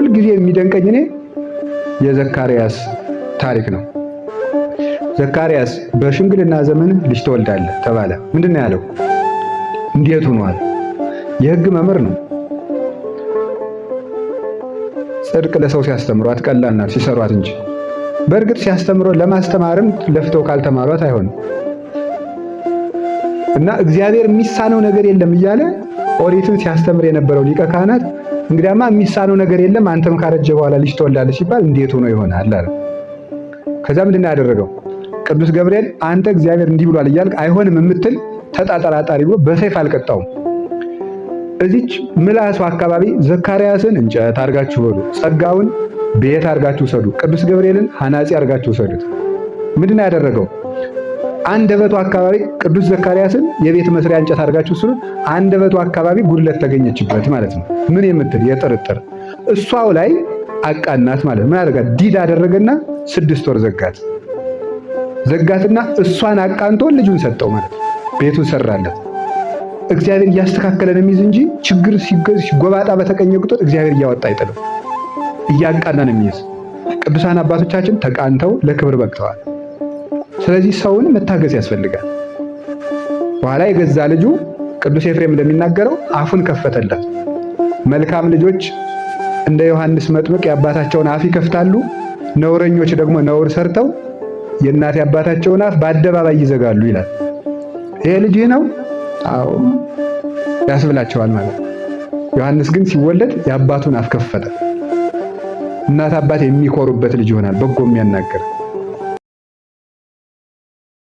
ሁልጊዜ የሚደንቀኝ እኔ የዘካርያስ ታሪክ ነው። ዘካርያስ በሽምግልና ዘመን ልጅ ትወልዳለህ ተባለ። ምንድን ነው ያለው? እንዴት ሆኗል? የሕግ መምህር ነው። ጽድቅ ለሰው ሲያስተምሯት ቀላል ሲሰሯት እንጂ በእርግጥ ሲያስተምሮ ለማስተማርም ለፍተው ካልተማሯት አይሆንም። እና እግዚአብሔር የሚሳነው ነገር የለም እያለ ኦሪትን ሲያስተምር የነበረው ሊቀ ካህናት እንግዲያማ የሚሳነው ነገር የለም አንተም ካረጀ በኋላ ልጅ ትወልዳለህ ሲባል እንዴት ሆኖ ይሆናል አለ። ከዛ ምንድን ነው ያደረገው? ቅዱስ ገብርኤል አንተ እግዚአብሔር እንዲህ ብሏል እያልክ አይሆንም የምትል ተጠራጣሪ ብሎ በሰይፍ አልቀጣውም። እዚች ምላሱ አካባቢ ዘካርያስን እንጨት አድርጋችሁ በሉ፣ ጸጋውን ቤት አድርጋችሁ ሰዱ ቅዱስ ገብርኤልን አናጺ አድርጋችሁ ሰዱ ምንድን ነው ያደረገው? አንደበቱ አካባቢ ቅዱስ ዘካርያስን የቤት መስሪያ እንጨት አድርጋችሁ ስሉ አንደበቱ አካባቢ ጉድለት ተገኘችበት ማለት ነው። ምን የምትል የጥርጥር እሷው ላይ አቃናት ማለት ምን አደረጋት? ዲድ አደረገና ስድስት ወር ዘጋት ዘጋትና እሷን አቃንቶ ልጁን ሰጠው ማለት ቤቱን ሰራለት። እግዚአብሔር እያስተካከለን የሚይዝ እንጂ ችግር ሲጎባጣ በተቀኘ ቁጥር እግዚአብሔር እያወጣ አይጥልም። እያቃናን የሚይዝ ቅዱሳን አባቶቻችን ተቃንተው ለክብር በቅተዋል። ስለዚህ ሰውን መታገስ ያስፈልጋል። በኋላ የገዛ ልጁ ቅዱስ ኤፍሬም እንደሚናገረው አፉን ከፈተለት። መልካም ልጆች እንደ ዮሐንስ መጥምቅ የአባታቸውን አፍ ይከፍታሉ፣ ነውረኞች ደግሞ ነውር ሰርተው የእናት የአባታቸውን አፍ በአደባባይ ይዘጋሉ ይላል። ይሄ ልጅ ነው? አዎ ያስብላቸዋል ማለት ዮሐንስ ግን ሲወለድ የአባቱን አፍ ከፈተ። እናት አባት የሚኮሩበት ልጅ ይሆናል፣ በጎ የሚያናገር